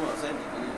what I'm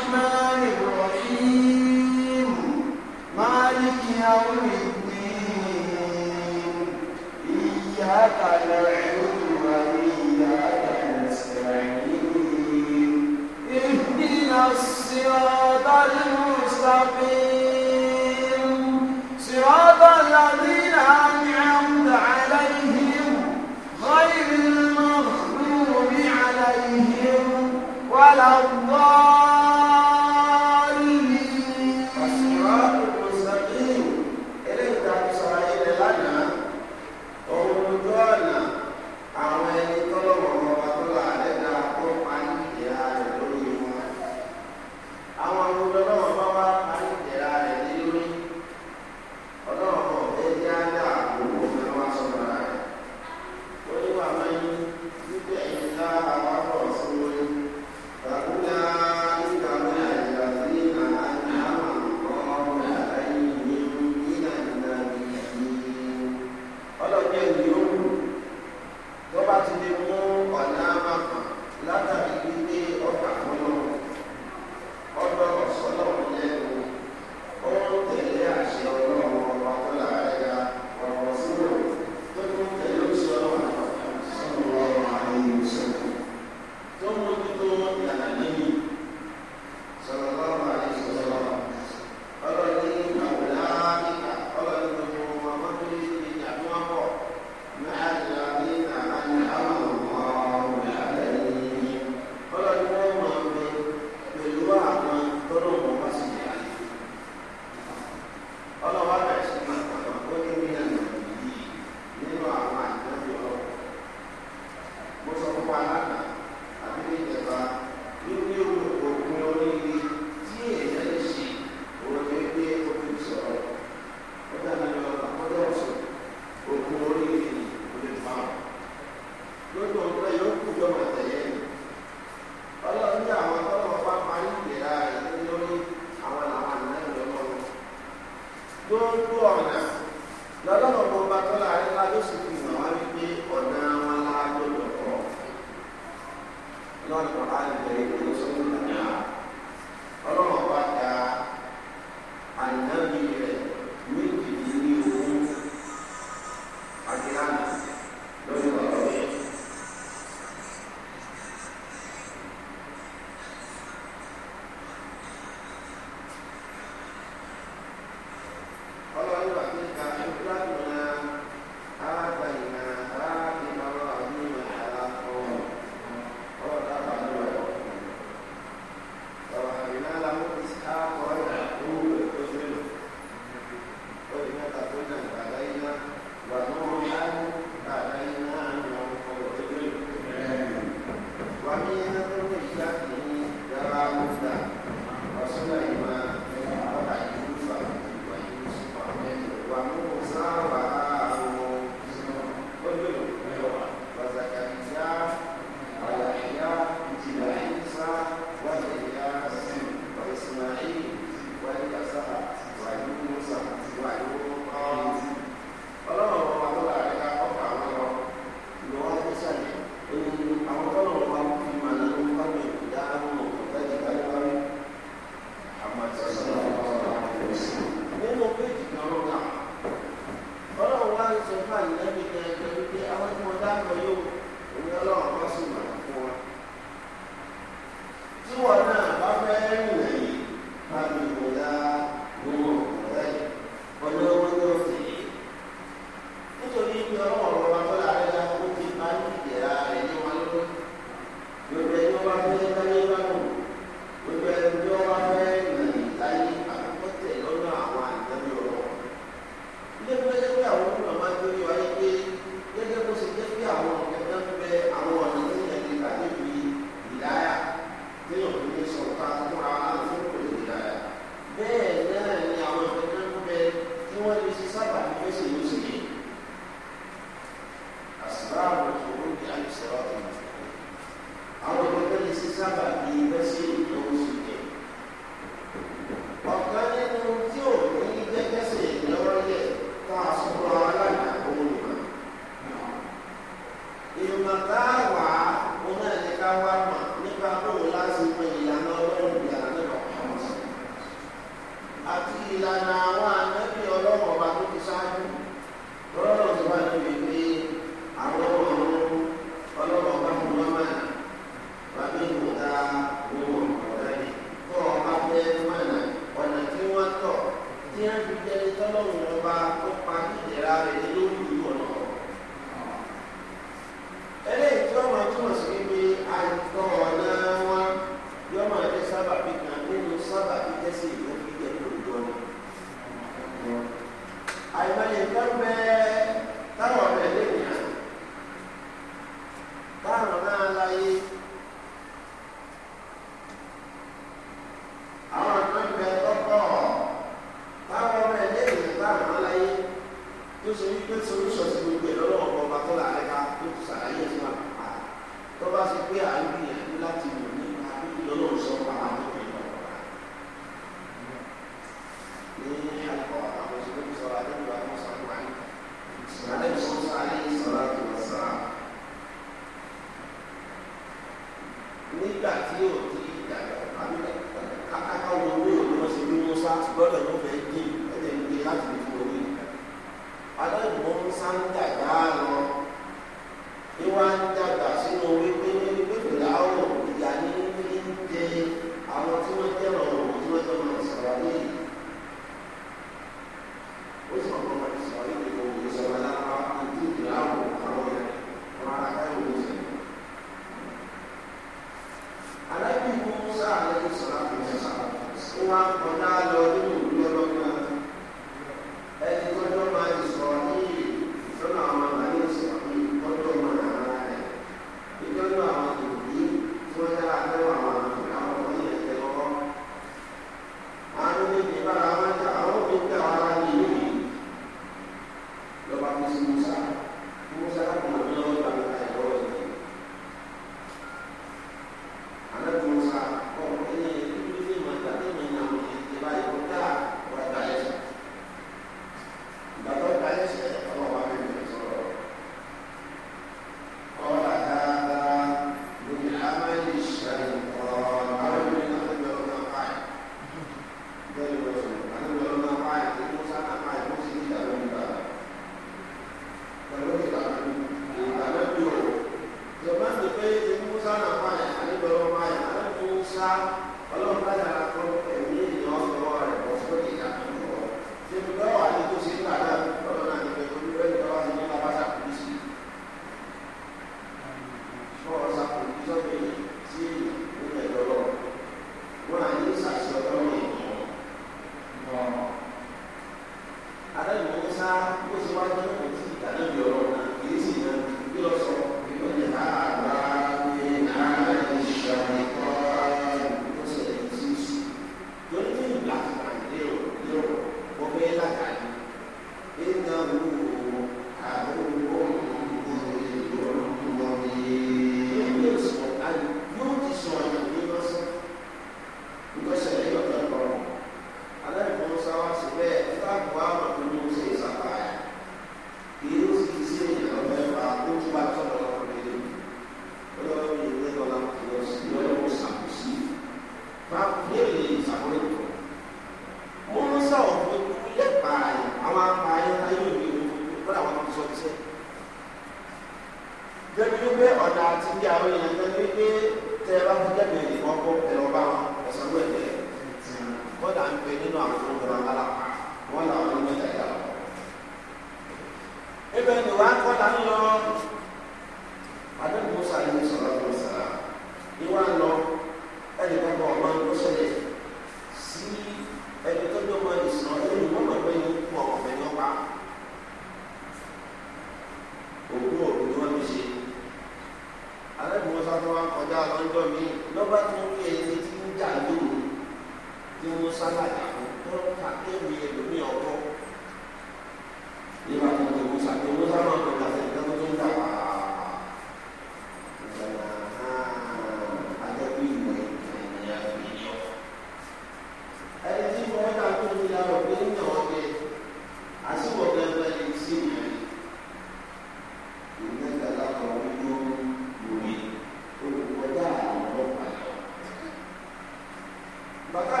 Пока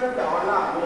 讲完了。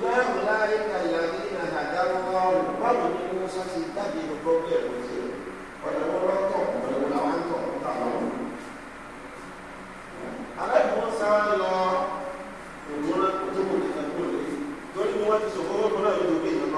ṣùgbọ́n láàyè kàyà ní àdáwọ̀ báwo ni wọ́n sọ ti dábì gbogbo bí ẹ̀kọ́ ti ọ̀dọ̀ wọn lọ tọ̀ ọ̀dọ̀ wọn làwọn ń tọ̀ ọ̀tà wọn. aláìmọ̀ sáà lọ òwúrọ̀ tó kò nìkan kó lè torí wọn ti sọ fọwọ́ kan náà yóò gbé ìlú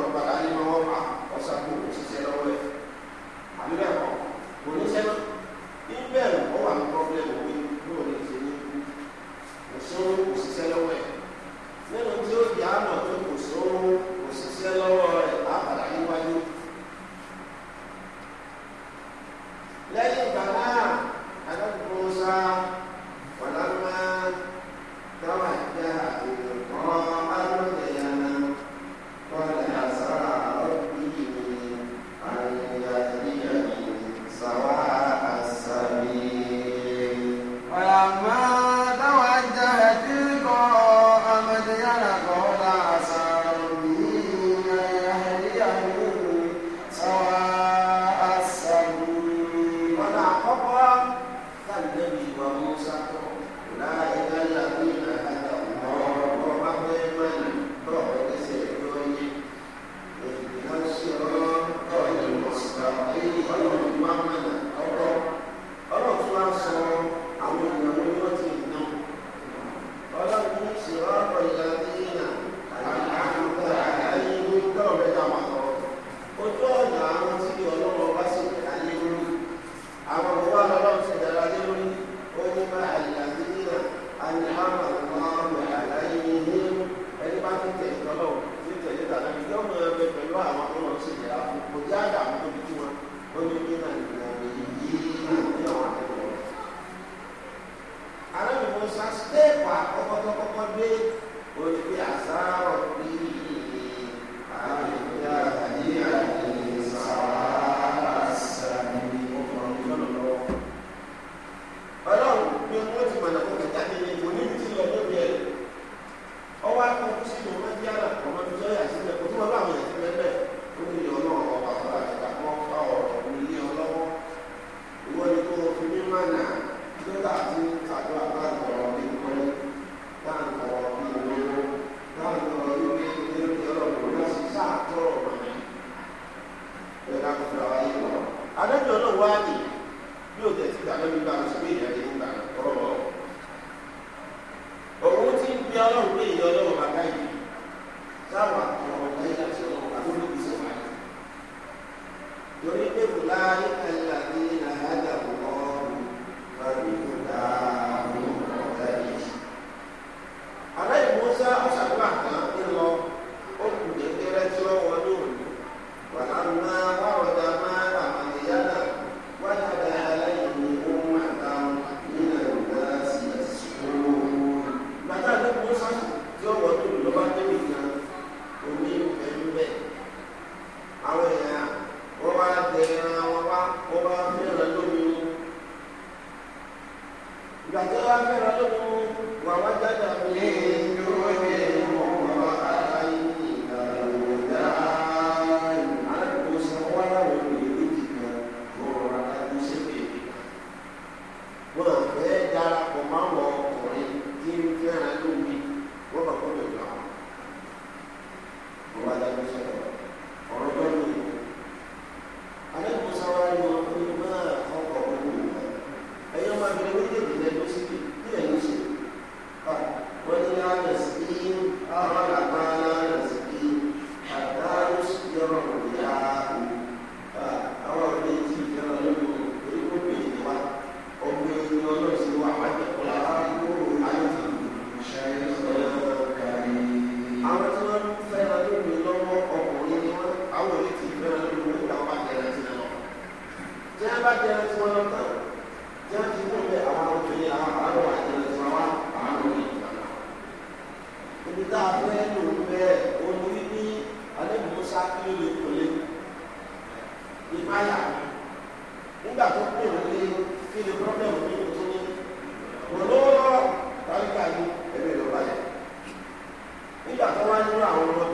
para outra.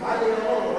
Valeu!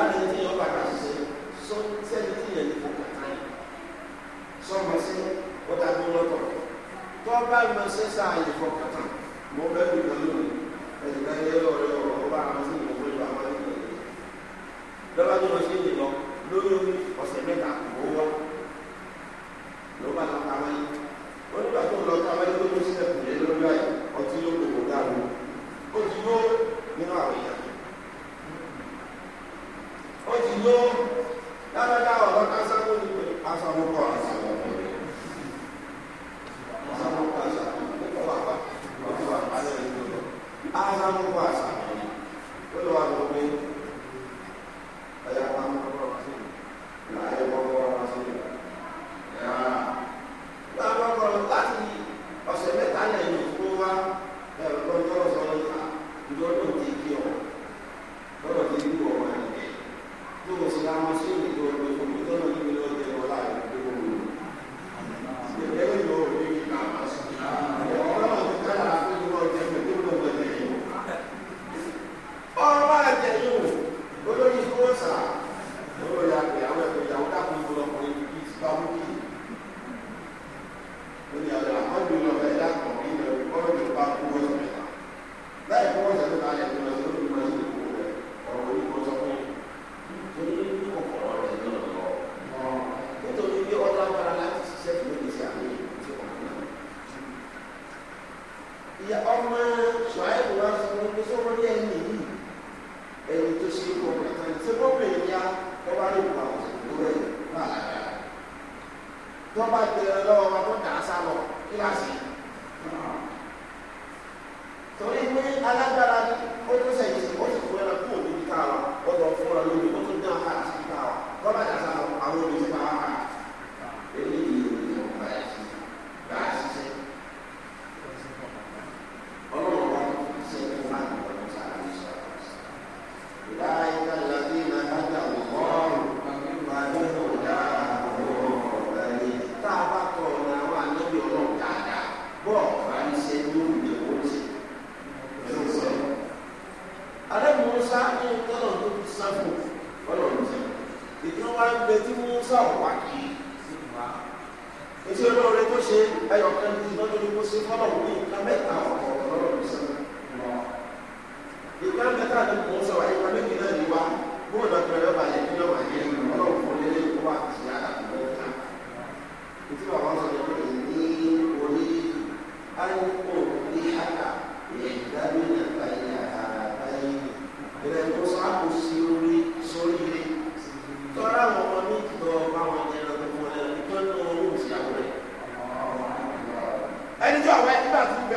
láti ẹni tí yọ bàtà ṣiṣẹ́ sọ sẹ́ni tí yẹn ní fọkàn tán yìí sọmọ sí ọ̀dà tó lọ́tọ̀ tó bá lọ sí sáà yìí fọkàn tán mo bẹ́ẹ̀ lù wọ́n lónìí ẹ̀sìn náà yẹ lọ́ọ̀rẹ́ ọ̀rọ̀ ọba àwọn sí ìwọ̀n lọ́wọ́ àwọn ìwọ̀n lọ́wọ́ tó lọ sí ìlú lọ lórí ọ̀sẹ̀ mẹ́ta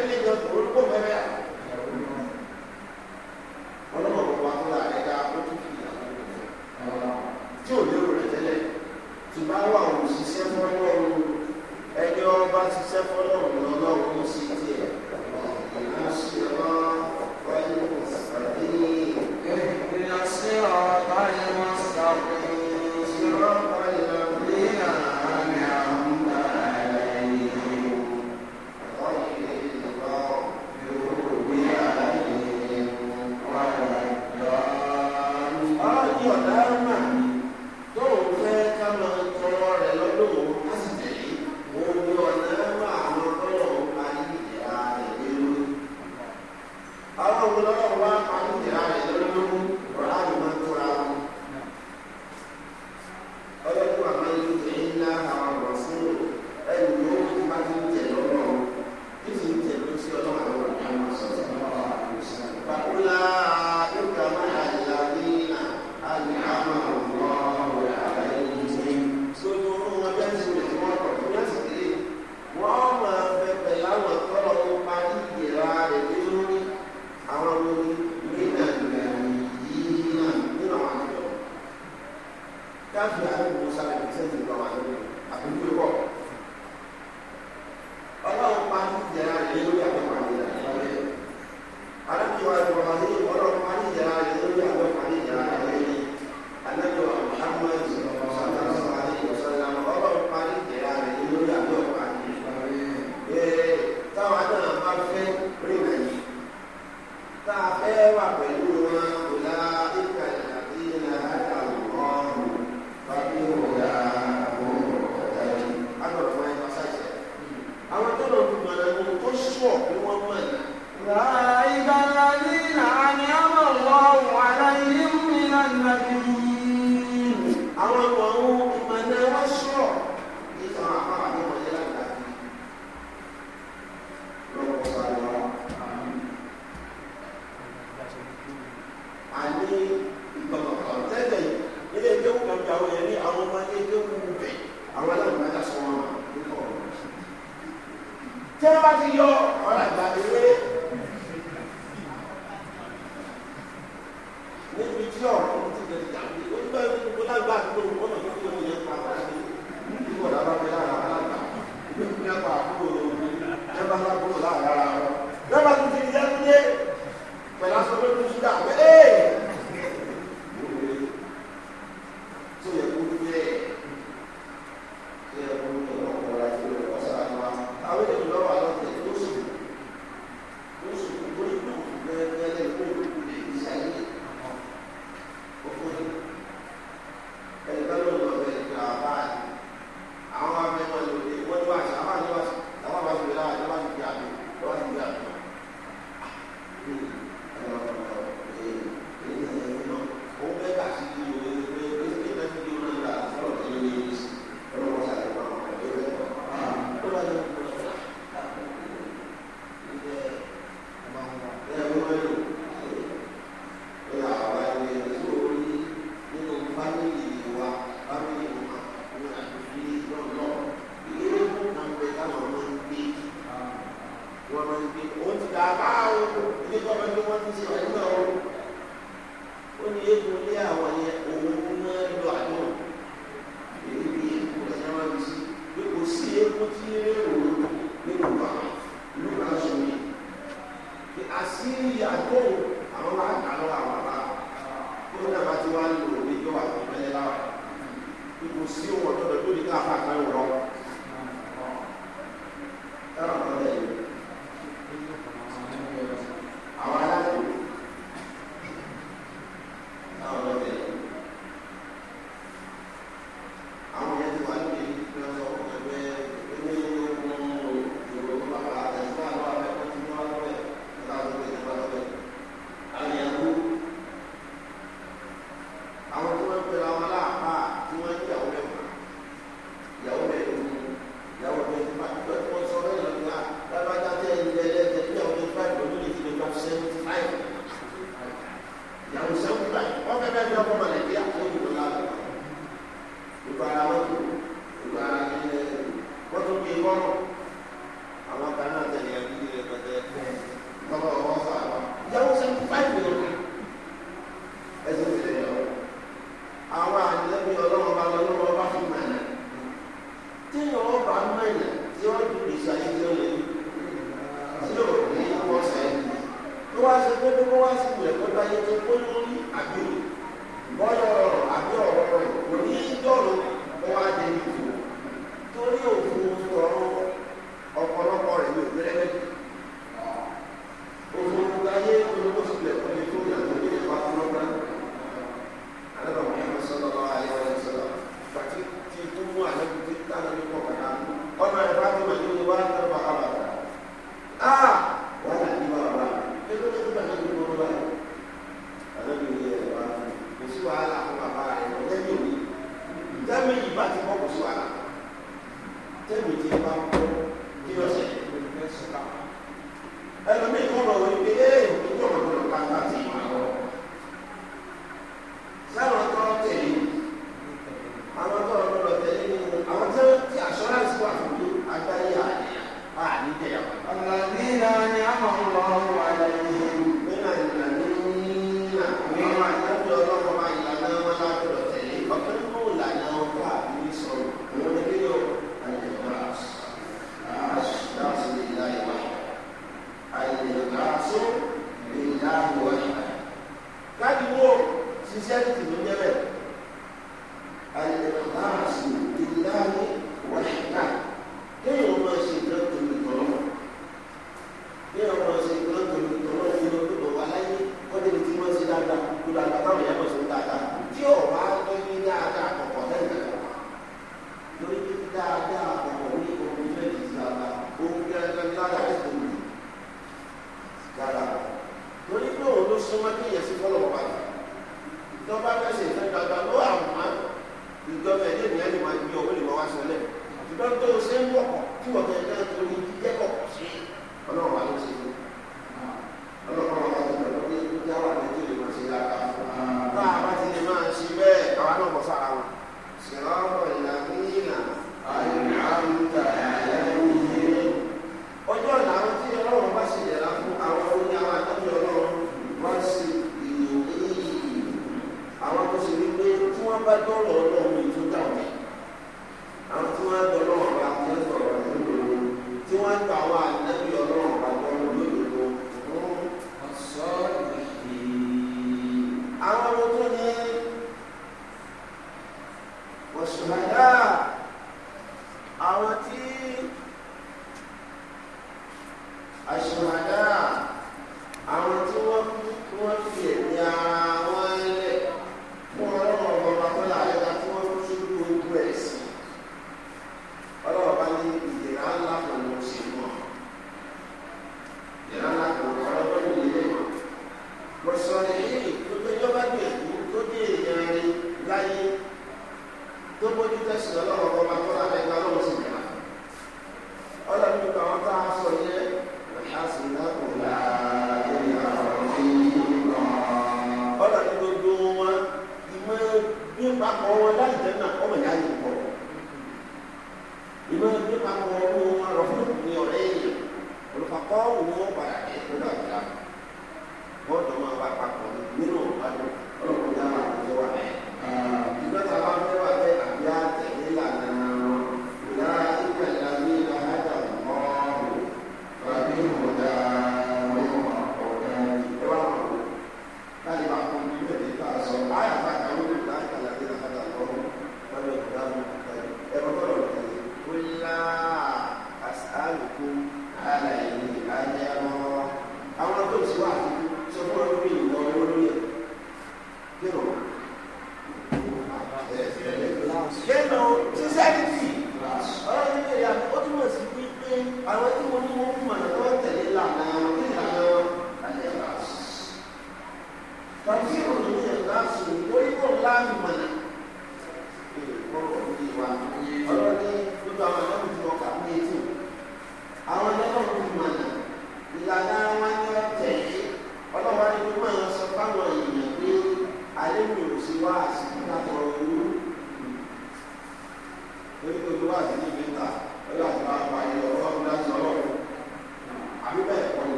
Gracias.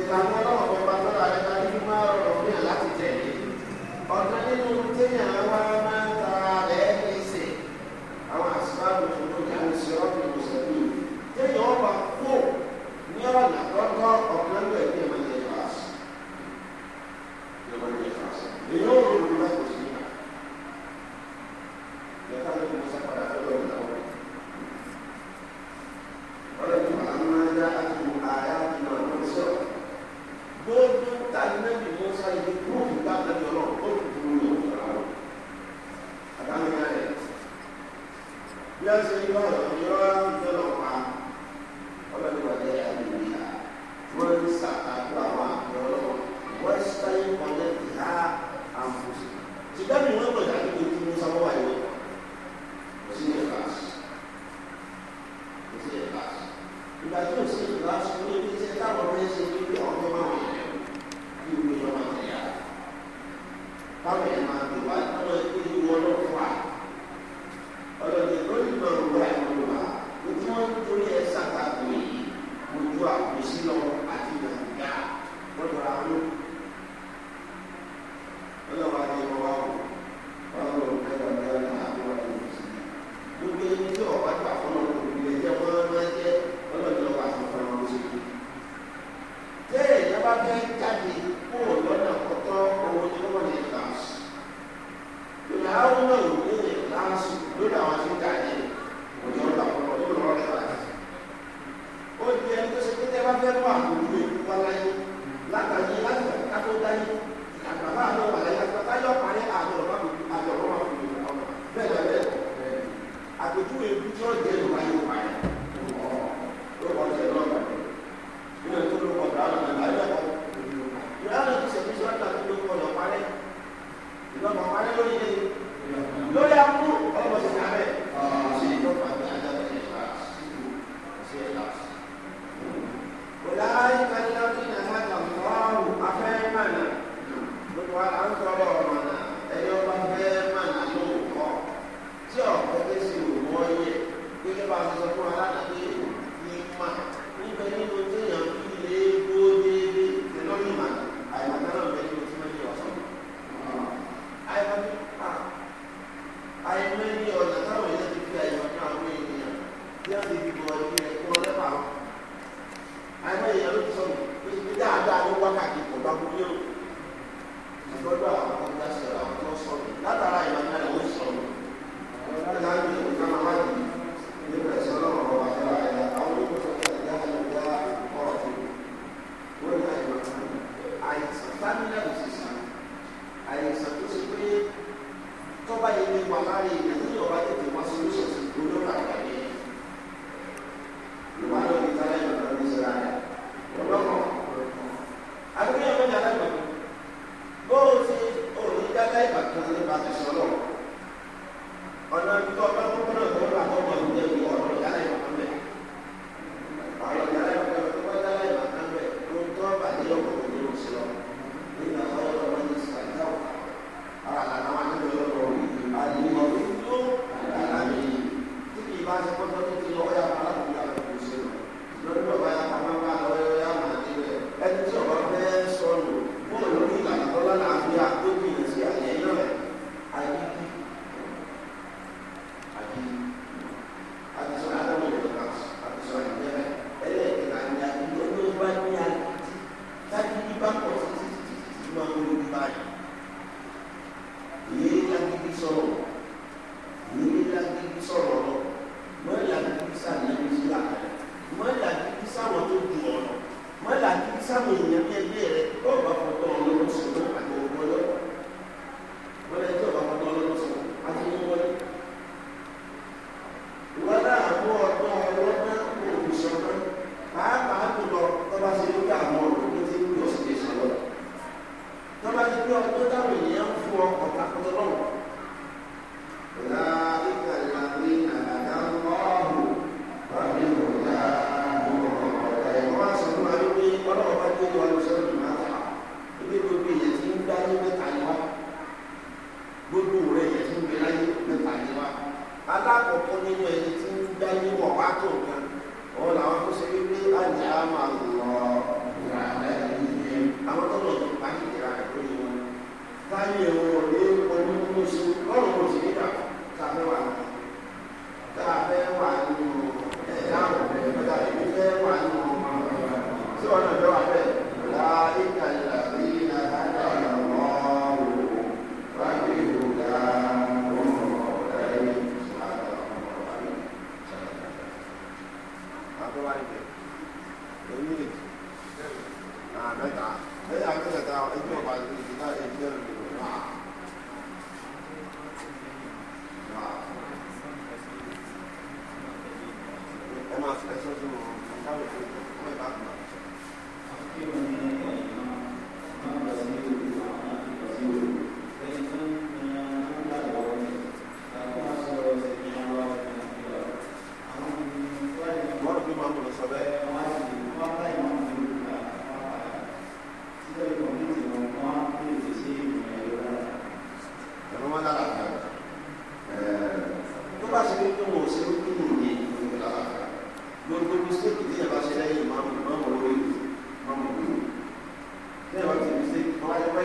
ìlànà ọlọ́run fẹ́ bá tọ́ra rẹ̀ bá ní máa rọrùn fún yàn láti tẹ̀lé ọ̀dọ́ nínú téèyàn wá máa somebody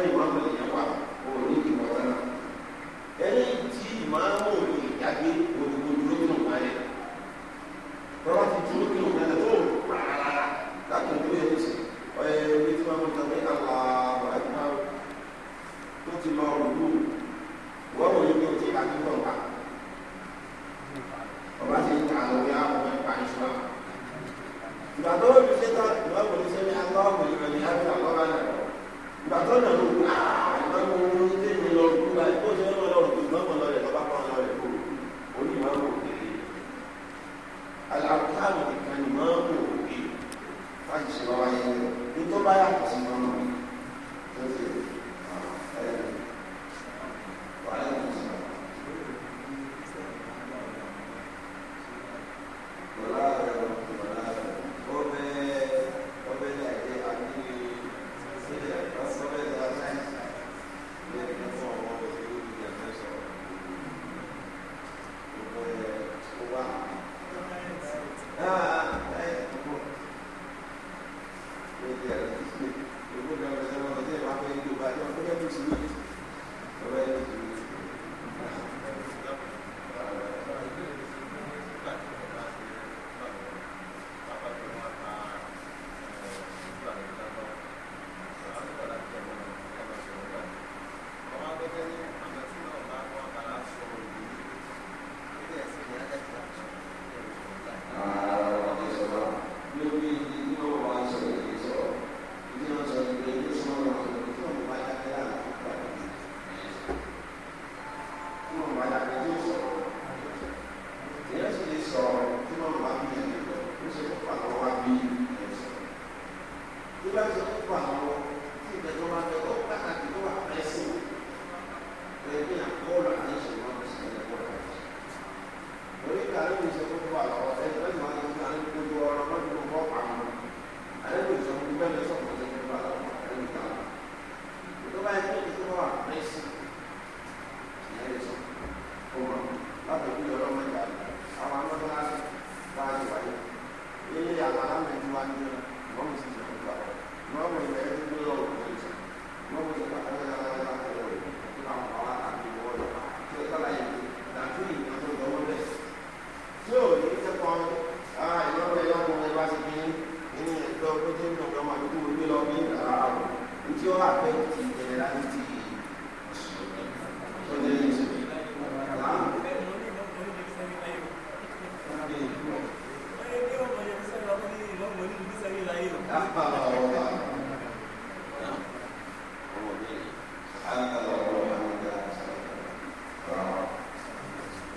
Gracias.